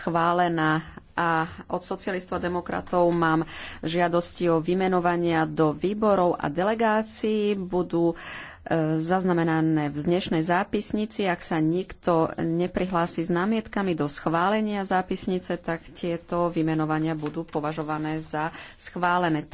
schválená a od socialistov a demokratov mám žiadosti o vymenovania do výborov a delegácií. Budú e, zaznamenané v dnešnej zápisnici. Ak sa nikto neprihlási s námietkami do schválenia zápisnice, tak tieto vymenovania budú považované za schválené.